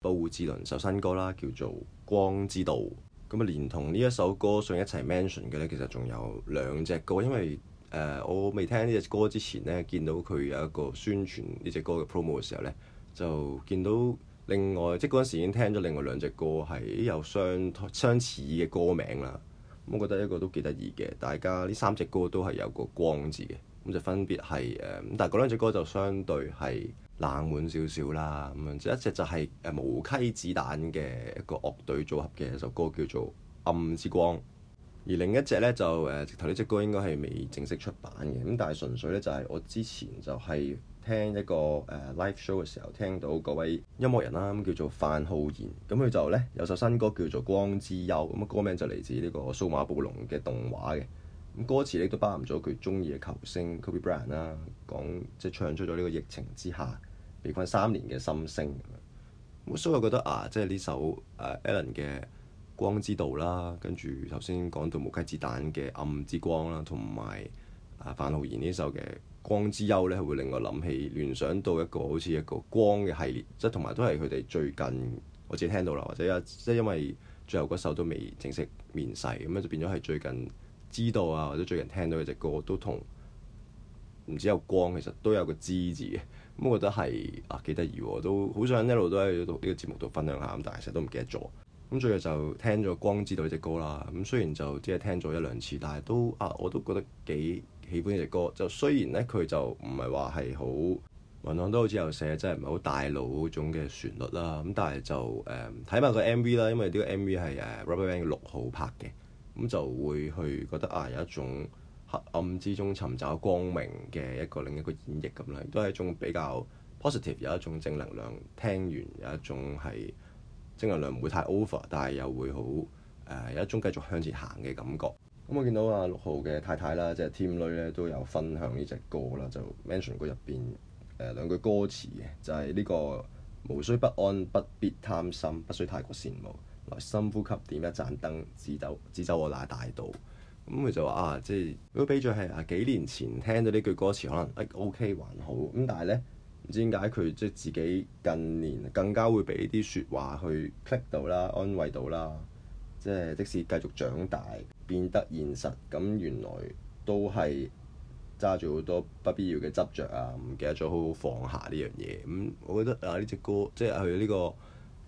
布志綸首新歌啦，叫做《光之道》。咁、嗯、啊，連同呢一首歌上一齊 mention 嘅咧，其實仲有兩隻歌。因為誒、呃，我未聽呢隻歌之前咧，見到佢有一個宣傳呢隻歌嘅 promo 嘅時候咧，就見到另外即係嗰陣時已經聽咗另外兩隻歌係有相相似嘅歌名啦。咁、嗯、我覺得一個都幾得意嘅，大家呢三隻歌都係有個光字嘅，咁就分別係誒，但係嗰兩隻歌就相對係。冷門少少啦，咁樣一隻就係誒無稽子彈嘅一個樂隊組合嘅一首歌叫做《暗之光》，而另一隻呢，就、呃、直頭呢隻歌應該係未正式出版嘅，咁但係純粹呢，就係、是、我之前就係聽一個誒、呃、live show 嘅時候聽到嗰位音樂人啦、啊，咁叫做范浩然，咁佢就呢，有首新歌叫做《光之丘》，咁、那個、歌名就嚟自呢個《數碼暴龍》嘅動畫嘅，咁歌詞呢，都包含咗佢中意嘅球星 Kobe Bryant 啦，講即係唱出咗呢個疫情之下，被困三年嘅心聲，咁所以我覺得啊，即係呢首誒、啊、Alan 嘅光之道啦，跟住頭先講到無稽之彈嘅暗之光啦，同埋啊范浩然呢首嘅光之憂咧，會令我諗起聯想到一個好似一個光嘅系列，即係同埋都係佢哋最近我自己聽到啦，或者啊即係因為最後嗰首都未正式面世，咁樣就變咗係最近知道啊，或者最近聽到嘅隻歌都同。唔知有光，其實都有個知字嘅，咁我覺得係啊幾得意喎，都好想一路都喺度呢個節目度分享下，咁但係成日都唔記得咗。咁最後就聽咗《光知道》呢隻歌啦，咁雖然就即係聽咗一兩次，但係都啊我都覺得幾喜歡呢隻歌。就雖然咧佢就唔係話係好，聞朗都好似有寫真係唔係好大路嗰種嘅旋律啦。咁但係就誒睇埋個 MV 啦，因為呢個 MV 係誒 Rubberband 六號拍嘅，咁就會去覺得啊有一種。黑暗之中尋找光明嘅一個另一個演繹咁啦，都係一種比較 positive，有一種正能量。聽完有一種係正能量唔會太 over，但係又會好、呃、有一種繼續向前行嘅感覺。咁、嗯、我見到啊六號嘅太太啦，即係甜女咧都有分享呢隻歌啦，就 mention 嗰入邊誒兩句歌詞嘅，就係、是、呢、這個無需不安，不必貪心，不需太過羨慕，來深呼吸點一盞燈，指走指走我那大道。咁佢、嗯、就話啊，即係如果俾咗係啊幾年前聽到呢句歌詞，可能誒、啊、OK 還好。咁但係咧，唔知點解佢即係自己近年更加會俾啲説話去 click 到啦，安慰到啦。即係即使繼續長大變得現實，咁原來都係揸住好多不必要嘅執着啊！唔記得咗好好放下呢樣嘢。咁、嗯、我覺得啊，呢隻歌即係佢呢個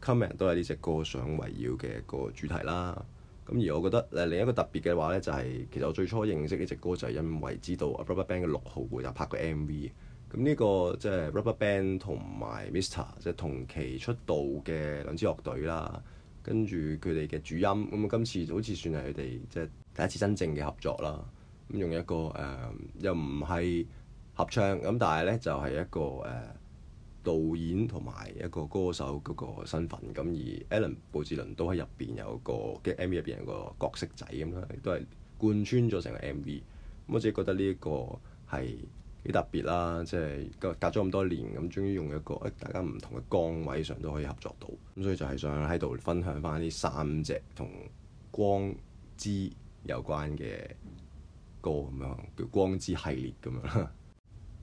comment 都係呢隻歌想圍繞嘅個主題啦。咁而我覺得誒另一個特別嘅話咧，就係，就係其實我最初認識呢隻歌就係因為知道啊，Rubberband 嘅六號會就拍個 MV 個。咁呢個即係 Rubberband 同埋 Mr. 即係同期出道嘅兩支樂隊啦。跟住佢哋嘅主音咁今次好似算係佢哋即係第一次真正嘅合作啦。咁用一個誒、呃、又唔係合唱咁，但係咧就係、係、一個誒。呃導演同埋一個歌手嗰個身份，咁而 Alan 布志綸都喺入邊有個嘅 MV 入邊有個角色仔咁啦，都係貫穿咗成個 MV。咁我自己覺得呢一個係幾特別啦，即係隔隔咗咁多年，咁終於用一個大家唔同嘅崗位上都可以合作到，咁所以就係想喺度分享翻呢三隻同光之有關嘅歌咁樣，叫光之系列咁樣啦。